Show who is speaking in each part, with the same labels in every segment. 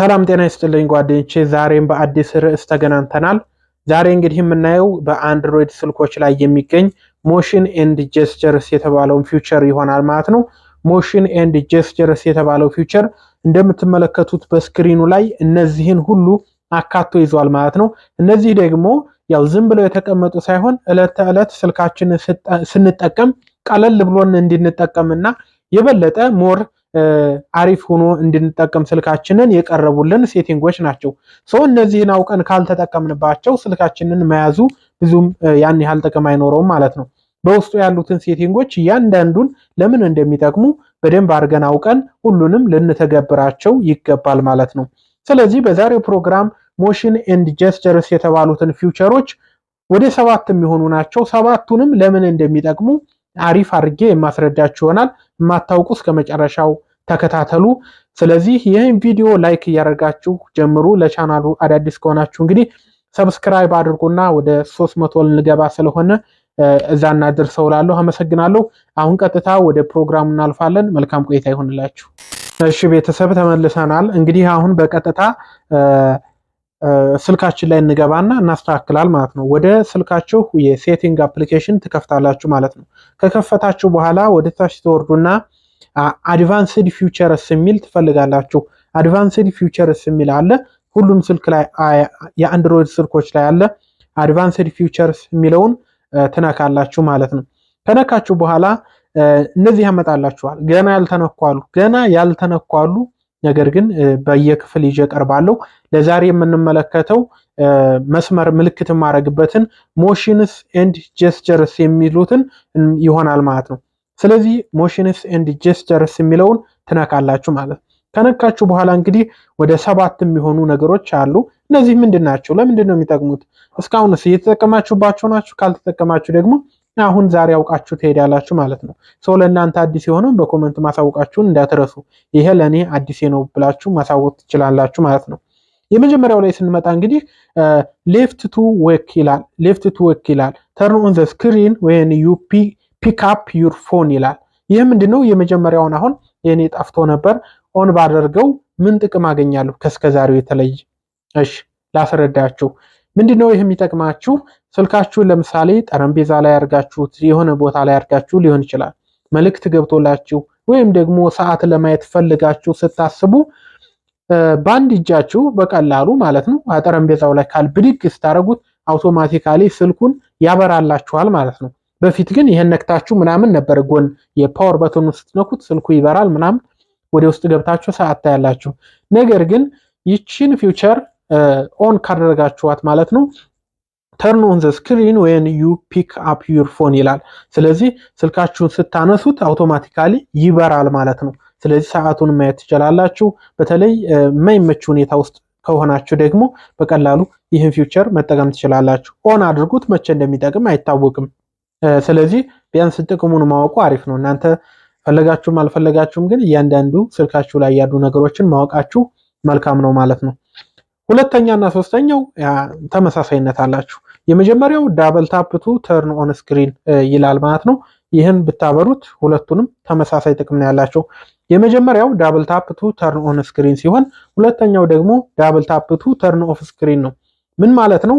Speaker 1: ሰላም ጤና ይስጥልኝ ጓደኞቼ፣ ዛሬም በአዲስ ርዕስ ተገናኝተናል። ዛሬ እንግዲህ የምናየው በአንድሮይድ ስልኮች ላይ የሚገኝ ሞሽን ኤንድ ጀስቸርስ የተባለውን ፊውቸር ይሆናል ማለት ነው። ሞሽን ኤንድ ጀስቸርስ የተባለው ፊውቸር እንደምትመለከቱት በስክሪኑ ላይ እነዚህን ሁሉ አካቶ ይዟል ማለት ነው። እነዚህ ደግሞ ያው ዝም ብለው የተቀመጡ ሳይሆን ዕለት ተዕለት ስልካችንን ስንጠቀም ቀለል ብሎን እንድንጠቀምና የበለጠ ሞር አሪፍ ሆኖ እንድንጠቀም ስልካችንን የቀረቡልን ሴቲንጎች ናቸው። ሰው እነዚህን አውቀን ካልተጠቀምንባቸው ስልካችንን መያዙ ብዙም ያን ያህል ጥቅም አይኖረውም ማለት ነው። በውስጡ ያሉትን ሴቲንጎች እያንዳንዱን ለምን እንደሚጠቅሙ በደንብ አድርገን አውቀን ሁሉንም ልንተገብራቸው ይገባል ማለት ነው። ስለዚህ በዛሬው ፕሮግራም ሞሽን ኤንድ ጀስቸርስ የተባሉትን ፊውቸሮች ወደ ሰባት የሚሆኑ ናቸው። ሰባቱንም ለምን እንደሚጠቅሙ አሪፍ አድርጌ የማስረዳችሁ ይሆናል። የማታውቁ እስከ መጨረሻው ተከታተሉ። ስለዚህ ይህን ቪዲዮ ላይክ እያደረጋችሁ ጀምሩ። ለቻናሉ አዳዲስ ከሆናችሁ እንግዲህ ሰብስክራይብ አድርጉና ወደ መቶ ልንገባ ስለሆነ እዛ እናድርሰው እላለሁ። አመሰግናለሁ። አሁን ቀጥታ ወደ ፕሮግራሙ እናልፋለን። መልካም ቆይታ ይሆንላችሁ። እሺ ቤተሰብ ተመልሰናል። እንግዲህ አሁን በቀጥታ ስልካችን ላይ እንገባና እናስተካክላል ማለት ነው። ወደ ስልካችሁ የሴቲንግ አፕሊኬሽን ትከፍታላችሁ ማለት ነው። ከከፈታችሁ በኋላ ወደ ታች ትወርዱና አድቫንስድ ፊውቸርስ የሚል ትፈልጋላችሁ። አድቫንስድ ፊውቸርስ የሚል አለ። ሁሉም ስልክ ላይ የአንድሮይድ ስልኮች ላይ አለ። አድቫንስድ ፊውቸርስ የሚለውን ትነካላችሁ ማለት ነው። ከነካችሁ በኋላ እነዚህ ያመጣላችኋል። ገና ያልተነኳሉ ገና ያልተነኳሉ ነገር ግን በየክፍል ይዤ ለዛሬ የምንመለከተው መስመር ምልክት የማድረግበትን ሞሽንስ ኤንድ ጀስቸርስ የሚሉትን ይሆናል ማለት ነው። ስለዚህ ሞሽንስ ኤንድ ጀስቸርስ የሚለውን ትነካላችሁ ማለት ነው። ከነካችሁ በኋላ እንግዲህ ወደ ሰባት የሚሆኑ ነገሮች አሉ። እነዚህ ምንድን ናቸው? ለምንድን ነው የሚጠቅሙት? እስካሁንስ እየተጠቀማችሁባቸው ናችሁ? ካልተጠቀማችሁ ደግሞ አሁን ዛሬ አውቃችሁ ትሄዳላችሁ ማለት ነው። ሰው ለእናንተ አዲስ የሆነውን በኮመንት ማሳወቃችሁን እንዳትረሱ። ይሄ ለእኔ አዲስ ነው ብላችሁ ማሳወቅ ትችላላችሁ ማለት ነው። የመጀመሪያው ላይ ስንመጣ እንግዲህ ሌፍት ቱ ወክ ይላል። ሌፍት ቱ ወክ ይላል። ተርን ኦን ዘ ስክሪን ወን ዩ ፒክ አፕ ዩር ፎን ይላል። ይህ ምንድነው? የመጀመሪያውን አሁን የእኔ ጠፍቶ ነበር ኦን ባደርገው ምን ጥቅም አገኛለሁ? ከስከዛሬው የተለየ እሺ፣ ላስረዳችሁ ምንድነው ይህ የሚጠቅማችሁ? ስልካችሁን ለምሳሌ ጠረጴዛ ላይ አድርጋችሁት የሆነ ቦታ ላይ አድርጋችሁ ሊሆን ይችላል መልእክት ገብቶላችሁ ወይም ደግሞ ሰዓት ለማየት ፈልጋችሁ ስታስቡ በአንድ እጃችሁ በቀላሉ ማለት ነው ጠረጴዛው ላይ ካል ብድግ ስታደርጉት አውቶማቲካሊ ስልኩን ያበራላችኋል ማለት ነው። በፊት ግን ይህን ነክታችሁ ምናምን ነበር ጎን የፓወር በተኑ ስትነኩት ስልኩ ይበራል ምናምን ወደ ውስጥ ገብታችሁ ሰዓት ታያላችሁ። ነገር ግን ይችን ፊውቸር ኦን ካደረጋችኋት ማለት ነው ተርን ኦን ዘ ስክሪን ዌን ዩ ፒክ አፕ ዩር ፎን ይላል። ስለዚህ ስልካችሁን ስታነሱት አውቶማቲካሊ ይበራል ማለት ነው። ስለዚህ ሰዓቱን ማየት ትችላላችሁ። በተለይ የማይመች ሁኔታ ውስጥ ከሆናችሁ ደግሞ በቀላሉ ይህን ፊውቸር መጠቀም ትችላላችሁ። ኦን አድርጉት፣ መቼ እንደሚጠቅም አይታወቅም። ስለዚህ ቢያንስ ጥቅሙን ማወቁ አሪፍ ነው። እናንተ ፈለጋችሁም አልፈለጋችሁም ግን እያንዳንዱ ስልካችሁ ላይ ያሉ ነገሮችን ማወቃችሁ መልካም ነው ማለት ነው። ሁለተኛና ሶስተኛው ተመሳሳይነት አላችሁ። የመጀመሪያው ዳብል ታፕቱ ተርን ኦን ስክሪን ይላል ማለት ነው። ይህን ብታበሩት ሁለቱንም ተመሳሳይ ጥቅም ነው ያላቸው። የመጀመሪያው ዳብል ታፕቱ ተርን ኦን ስክሪን ሲሆን ሁለተኛው ደግሞ ዳብል ታፕቱ ተርን ኦፍ ስክሪን ነው። ምን ማለት ነው?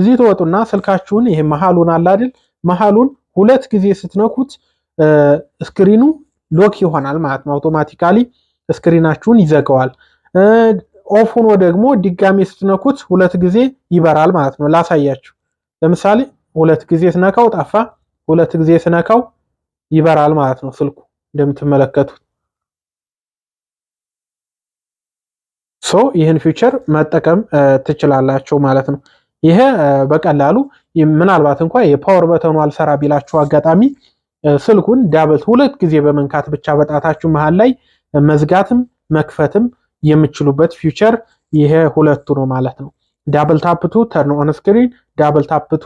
Speaker 1: እዚህ ትወጡና ስልካችሁን ይሄ መሃሉን አለ አይደል? መሃሉን ሁለት ጊዜ ስትነኩት ስክሪኑ ሎክ ይሆናል ማለት ነው። አውቶማቲካሊ ስክሪናችሁን ይዘጋዋል። ኦፍ ሆኖ ደግሞ ድጋሜ ስትነኩት ሁለት ጊዜ ይበራል ማለት ነው። ላሳያችሁ። ለምሳሌ ሁለት ጊዜ ስነካው ጠፋ፣ ሁለት ጊዜ ስነካው ይበራል ማለት ነው ስልኩ እንደምትመለከቱት። ሶ ይህን ፊውቸር መጠቀም ትችላላችሁ ማለት ነው። ይሄ በቀላሉ ምናልባት እንኳ የፓወር በተኑ አልሰራ ቢላችሁ አጋጣሚ ስልኩን ዳብል ሁለት ጊዜ በመንካት ብቻ በጣታችሁ መሃል ላይ መዝጋትም መክፈትም የምችሉበት ፊውቸር ይሄ ሁለቱ ነው ማለት ነው። ዳብል ታፕቱ ተርን ኦን ስክሪን፣ ዳብል ታፕቱ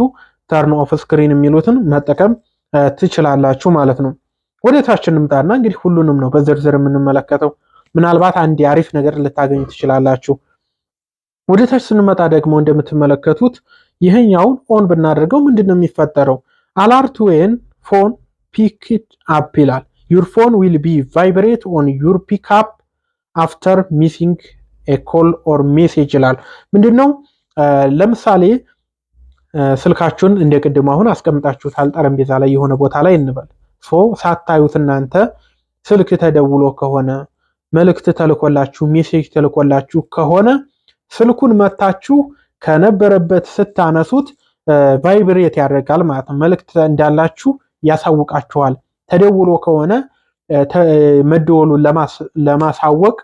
Speaker 1: ተርን ኦፍ ስክሪን የሚሉትን መጠቀም ትችላላችሁ ማለት ነው። ወደ ታች እንምጣና እንግዲህ ሁሉንም ነው በዝርዝር የምንመለከተው። ምናልባት አንድ አሪፍ ነገር ልታገኙ ትችላላችሁ። ወደ ታች ስንመጣ ደግሞ እንደምትመለከቱት ይህኛውን ኦን ብናደርገው ምንድን ነው የሚፈጠረው? አላርት ዌን ፎን ፒክ አፕ ይላል። ዩር ፎን ዊል ቢ ቫይብሬት ኦን ዩር ፒክ አፕ አፍተር ሚሲንግ ኮል ኦር ሜሴጅ ይላል። ምንድን ነው? ለምሳሌ ስልካችሁን እንደ ቅድም አሁን አስቀምጣችሁታል ጠረጴዛ ላይ የሆነ ቦታ ላይ እንበል። ሳታዩት እናንተ ስልክ ተደውሎ ከሆነ መልእክት ተልኮላችሁ ሜሴጅ ተልኮላችሁ ከሆነ ስልኩን መታችሁ ከነበረበት ስታነሱት ቫይብሬት ያደርጋል ማለት ነው። መልእክት እንዳላችሁ ያሳውቃችኋል። ተደውሎ ከሆነ መደወሉን ለማሳወቅ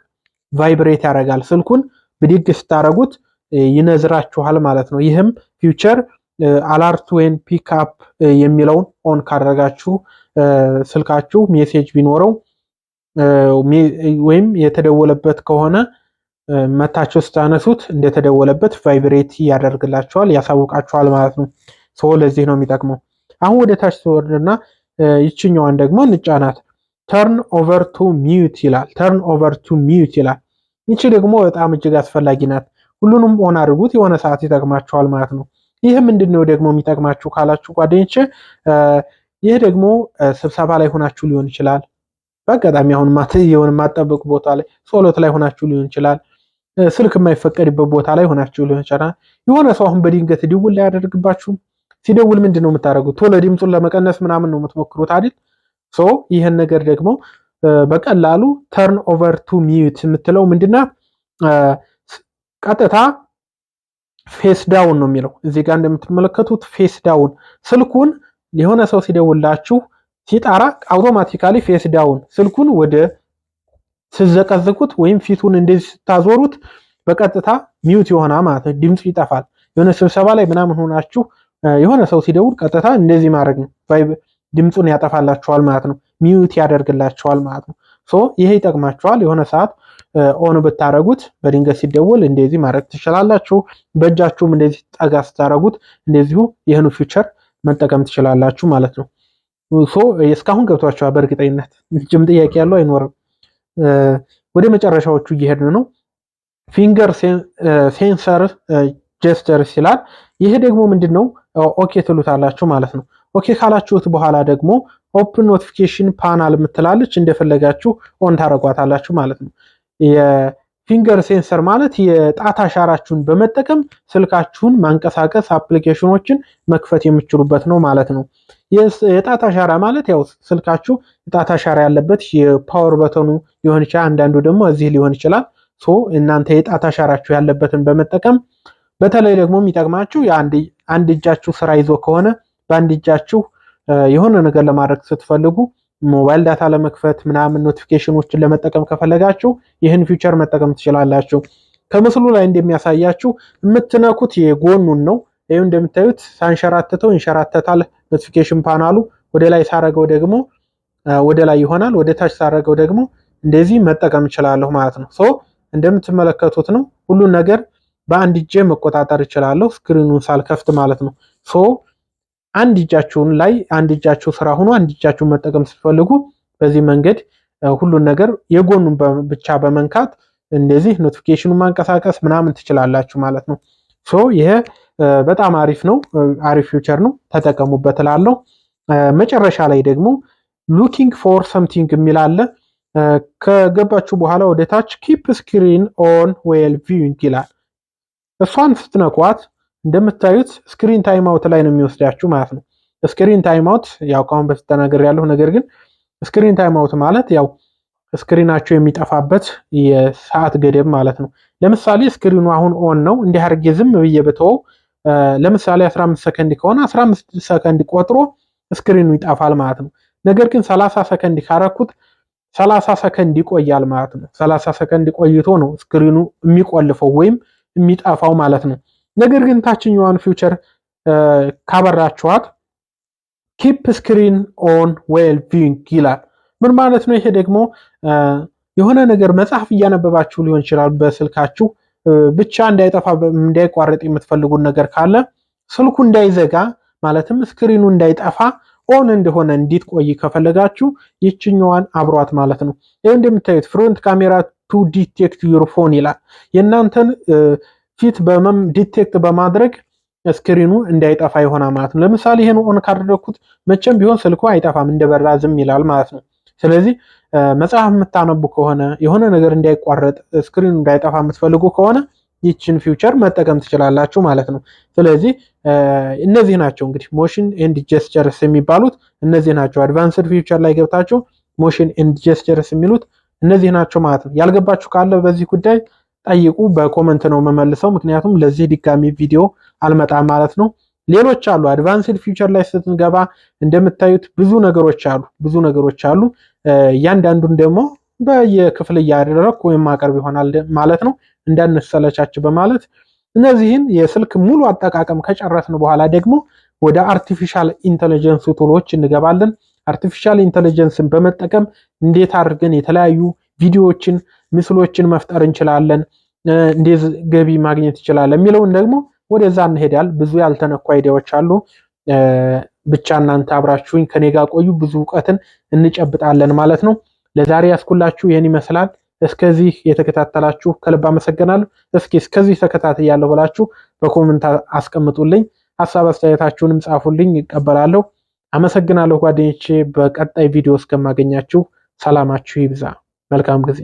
Speaker 1: ቫይብሬት ያደርጋል ስልኩን ብድግ ስታደረጉት ይነዝራችኋል ማለት ነው። ይህም ፊውቸር አላርት ወይም ፒክአፕ የሚለውን ኦን ካደረጋችሁ ስልካችሁ ሜሴጅ ቢኖረው ወይም የተደወለበት ከሆነ መታችሁ ስታነሱት እንደተደወለበት ቫይብሬት ያደርግላችኋል፣ ያሳውቃችኋል ማለት ነው። ሰው ለዚህ ነው የሚጠቅመው። አሁን ወደ ታች ትወርድና ይችኛዋን ደግሞ እንጫናት። ተርን ኦቨር ቱ ሚዩት ይላል። ተርን ኦቨር ቱ ሚዩት ይላል። ይቺ ደግሞ በጣም እጅግ አስፈላጊ ናት። ሁሉንም ኦን አድርጉት የሆነ ሰዓት ይጠቅማችኋል ማለት ነው። ይህ ምንድን ነው ደግሞ የሚጠቅማችሁ ካላችሁ ጓደኞቼ፣ ይህ ደግሞ ስብሰባ ላይ ሆናችሁ ሊሆን ይችላል። በአጋጣሚ አሁን ማት የሆነ የማትጠብቁ ቦታ ላይ ጸሎት ላይ ሆናችሁ ሊሆን ይችላል። ስልክ የማይፈቀድበት ቦታ ላይ ሆናችሁ ሊሆን ይችላል። የሆነ ሰው አሁን በድንገት ድውል ላይ ያደርግባችሁም ሲደውል ምንድን ነው የምታደርጉት? ቶሎ ድምፁን ለመቀነስ ምናምን ነው የምትሞክሩት አይደል? ሶ ይህን ነገር ደግሞ በቀላሉ ተርን ኦቨር ቱ ሚዩት የምትለው ምንድናት? ቀጥታ ፌስ ዳውን ነው የሚለው እዚህ ጋር እንደምትመለከቱት ፌስ ዳውን ስልኩን የሆነ ሰው ሲደውላችሁ ሲጣራ አውቶማቲካሊ ፌስ ዳውን ስልኩን ወደ ስዘቀዝቁት ወይም ፊቱን እንደዚህ ስታዞሩት በቀጥታ ሚዩት የሆና ማለት ነው። ድምፁ ይጠፋል። የሆነ ስብሰባ ላይ ምናምን ሆናችሁ የሆነ ሰው ሲደውል ቀጥታ እንደዚህ ማድረግ ነው። ድምፁን ያጠፋላቸዋል ማለት ነው። ሚዩት ያደርግላቸዋል ማለት ነው። ሶ ይሄ ይጠቅማቸዋል። የሆነ ሰዓት ኦን ብታረጉት በድንገት ሲደወል እንደዚህ ማድረግ ትችላላችሁ። በእጃችሁም እንደዚህ ጠጋ ስታረጉት እንደዚሁ ይህኑ ፊቸር መጠቀም ትችላላችሁ ማለት ነው። ሶ እስካሁን ገብቷቸዋል በእርግጠኝነት ጅም ጥያቄ ያለው አይኖርም። ወደ መጨረሻዎቹ እየሄድን ነው። ፊንገር ሴንሰር ጀስተር ይላል። ይሄ ደግሞ ምንድን ነው? ኦኬ ትሉታላችሁ ማለት ነው። ኦኬ ካላችሁት በኋላ ደግሞ ኦፕን ኖቲፊኬሽን ፓናል የምትላለች እንደፈለጋችሁ ኦን ታረጓታላችሁ ማለት ነው። የፊንገር ሴንሰር ማለት የጣት አሻራችሁን በመጠቀም ስልካችሁን ማንቀሳቀስ፣ አፕሊኬሽኖችን መክፈት የምችሉበት ነው ማለት ነው። የጣት አሻራ ማለት ያው ስልካችሁ የጣት አሻራ ያለበት የፓወር በተኑ ሊሆን ይችላል። አንዳንዱ ደግሞ እዚህ ሊሆን ይችላል። ሶ እናንተ የጣት አሻራችሁ ያለበትን በመጠቀም በተለይ ደግሞ የሚጠቅማችሁ አንድ እጃችሁ ስራ ይዞ ከሆነ በአንድ እጃችሁ የሆነ ነገር ለማድረግ ስትፈልጉ ሞባይል ዳታ ለመክፈት ምናምን ኖቲፊኬሽኖችን ለመጠቀም ከፈለጋችሁ ይህን ፊውቸር መጠቀም ትችላላችሁ። ከምስሉ ላይ እንደሚያሳያችሁ የምትነኩት የጎኑን ነው። ይህ እንደምታዩት ሳንሸራትተው ይንሸራተታል። ኖቲፊኬሽን ፓናሉ ወደ ላይ ሳረገው ደግሞ ወደ ላይ ይሆናል። ወደ ታች ሳረገው ደግሞ እንደዚህ መጠቀም እችላለሁ ማለት ነው። ሶ እንደምትመለከቱት ነው። ሁሉን ነገር በአንድ እጄ መቆጣጠር እችላለሁ፣ ስክሪኑን ሳልከፍት ማለት ነው። ሶ አንድ እጃችሁን ላይ አንድ እጃችሁ ስራ ሆኖ አንድ እጃችሁን መጠቀም ስትፈልጉ በዚህ መንገድ ሁሉን ነገር የጎኑን ብቻ በመንካት እንደዚህ ኖቲፊኬሽኑ ማንቀሳቀስ ምናምን ትችላላችሁ ማለት ነው። ሶ ይሄ በጣም አሪፍ ነው፣ አሪፍ ፊውቸር ነው፣ ተጠቀሙበት እላለሁ። መጨረሻ ላይ ደግሞ ሉኪንግ ፎር ሰምቲንግ የሚል አለ። ከገባችሁ በኋላ ወደታች ኪፕ ስክሪን ኦን ዌል ቪዊንግ ይላል። እሷን ስትነኳት እንደምታዩት ስክሪን ታይም አውት ላይ ነው የሚወስዳችሁ ማለት ነው። ስክሪን ታይም አውት ያው ከአሁን በፊት ተናገር ያለሁ ነገር ግን ስክሪን ታይም አውት ማለት ያው ስክሪናቸው የሚጠፋበት የሰዓት ገደብ ማለት ነው። ለምሳሌ ስክሪኑ አሁን ኦን ነው እንዲህ አድርጌ ዝም ብዬ ብተወው ለምሳሌ 15 ሰከንድ ከሆነ 15 ሰከንድ ቆጥሮ ስክሪኑ ይጠፋል ማለት ነው። ነገር ግን 30 ሰከንድ ካረኩት 30 ሰከንድ ይቆያል ማለት ነው። 30 ሰከንድ ቆይቶ ነው ስክሪኑ የሚቆልፈው ወይም የሚጠፋው ማለት ነው። ነገር ግን ታችኛዋን ፊውቸር ካበራችኋት ኪፕ ስክሪን ኦን ዌል ቪንግ ይላል። ምን ማለት ነው? ይሄ ደግሞ የሆነ ነገር መጽሐፍ እያነበባችሁ ሊሆን ይችላል በስልካችሁ ብቻ እንዳይጠፋ እንዳይቋረጥ የምትፈልጉን ነገር ካለ ስልኩ እንዳይዘጋ ማለትም ስክሪኑ እንዳይጠፋ ኦን እንደሆነ ቆይ ከፈለጋችሁ ይችኛዋን አብሯት ማለት ነው። ይህ እንደምታዩት ፍሮንት ካሜራ ቱ ዲቴክት ዩር ፎን ይላል የእናንተን በመም ዲቴክት በማድረግ ስክሪኑ እንዳይጠፋ ይሆናል ማለት ነው። ለምሳሌ ይሄን ኦን ካደረኩት መቼም ቢሆን ስልኩ አይጠፋም እንደበራ ዝም ይላል ማለት ነው። ስለዚህ መጽሐፍ የምታነቡ ከሆነ የሆነ ነገር እንዳይቋረጥ ስክሪኑ እንዳይጠፋ የምትፈልጉ ከሆነ ይችን ፊውቸር መጠቀም ትችላላችሁ ማለት ነው። ስለዚህ እነዚህ ናቸው እንግዲህ ሞሽን ኤንድ ጀስቸርስ የሚባሉት እነዚህ ናቸው። አድቫንስድ ፊውቸር ላይ ገብታችሁ ሞሽን ኤንድ ጀስቸርስ የሚሉት እነዚህ ናቸው ማለት ነው። ያልገባችሁ ካለ በዚህ ጉዳይ ጠይቁ። በኮመንት ነው የምመልሰው፣ ምክንያቱም ለዚህ ድጋሚ ቪዲዮ አልመጣም ማለት ነው። ሌሎች አሉ። አድቫንስድ ፊውቸር ላይ ስትንገባ እንደምታዩት ብዙ ነገሮች አሉ፣ ብዙ ነገሮች አሉ። እያንዳንዱን ደግሞ በየክፍል እያደረግኩ ወይም ማቅረብ ይሆናል ማለት ነው። እንዳንሰለቻችሁ በማለት እነዚህን የስልክ ሙሉ አጠቃቀም ከጨረስን በኋላ ደግሞ ወደ አርቲፊሻል ኢንተለጀንስ ቱሎች እንገባለን። አርቲፊሻል ኢንተለጀንስን በመጠቀም እንዴት አድርገን የተለያዩ ቪዲዮዎችን፣ ምስሎችን መፍጠር እንችላለን፣ እንዴት ገቢ ማግኘት ይችላል የሚለውን ደግሞ ወደዛ እንሄዳል። ብዙ ያልተነኩ አይዲያዎች አሉ። ብቻ እናንተ አብራችሁኝ ከኔ ጋር ቆዩ፣ ብዙ እውቀትን እንጨብጣለን ማለት ነው። ለዛሬ ያስኩላችሁ ይህን ይመስላል። እስከዚህ የተከታተላችሁ ከልብ አመሰግናለሁ። እስኪ እስከዚህ ተከታትያለሁ ብላችሁ በኮመንት አስቀምጡልኝ፣ ሀሳብ አስተያየታችሁንም ጻፉልኝ፣ ይቀበላለሁ። አመሰግናለሁ ጓደኞቼ። በቀጣይ ቪዲዮ እስከማገኛችሁ ሰላማችሁ ይብዛ። መልካም ጊዜ